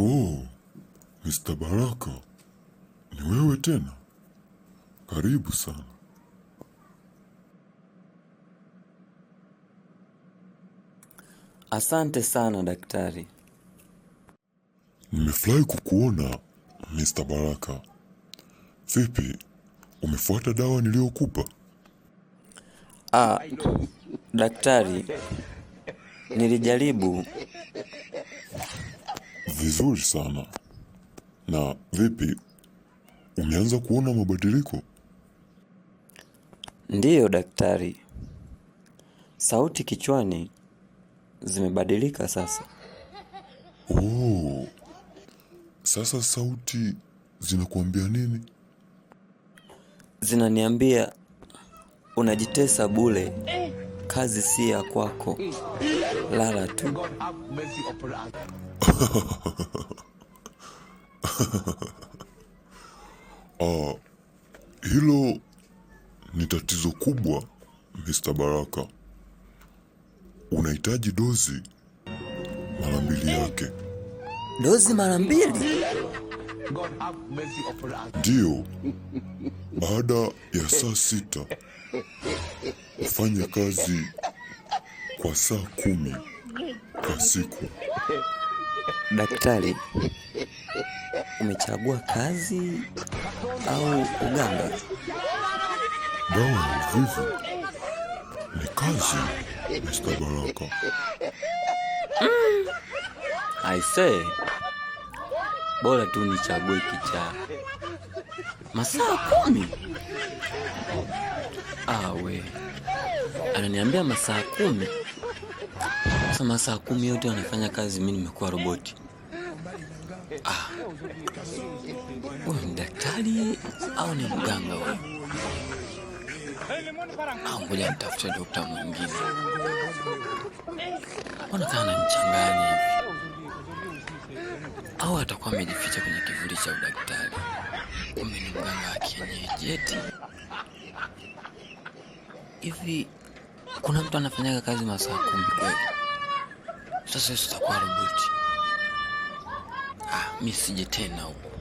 Oh, Mr. Baraka, ni wewe tena? Karibu sana. Asante sana daktari. Nimefurahi kukuona Mr. Baraka. Vipi, umefuata dawa niliyokupa? Ah, daktari, nilijaribu vizuri sana. Na vipi, umeanza kuona mabadiliko? Ndiyo daktari, sauti kichwani zimebadilika sasa. Oh, sasa sauti zinakuambia nini? Zinaniambia unajitesa bule, kazi si ya kwako, lala tu. Ah, hilo ni tatizo kubwa Mr. Baraka. Unahitaji dozi mara mbili yake. Dozi mara mbili? Ndiyo, baada ya saa sita ufanye kazi kwa saa kumi kwa siku. Daktari, umechagua kazi au uganga? Dawa ya uvivu ni kazi, Mr. Baraka. Mm, I say bora tu nichague kichaa. Masaa kumi awe ah, ananiambia masaa kumi. Sasa masaa kumi yote wanafanya kazi, mimi nimekuwa roboti. Ah, huyu ni daktari au ni mganga huyu? Au ah, ngoja nitafute dokta mwingine, onekana mchangani au atakuwa amejificha kwenye kivuli cha udaktari, kumbe ni mganga wa kienyeji eti. Hivi kuna mtu anafanyaga kazi masaa kumi kweli? Sasa hizo zitakuwa roboti. Ah, mimi sije tena huko.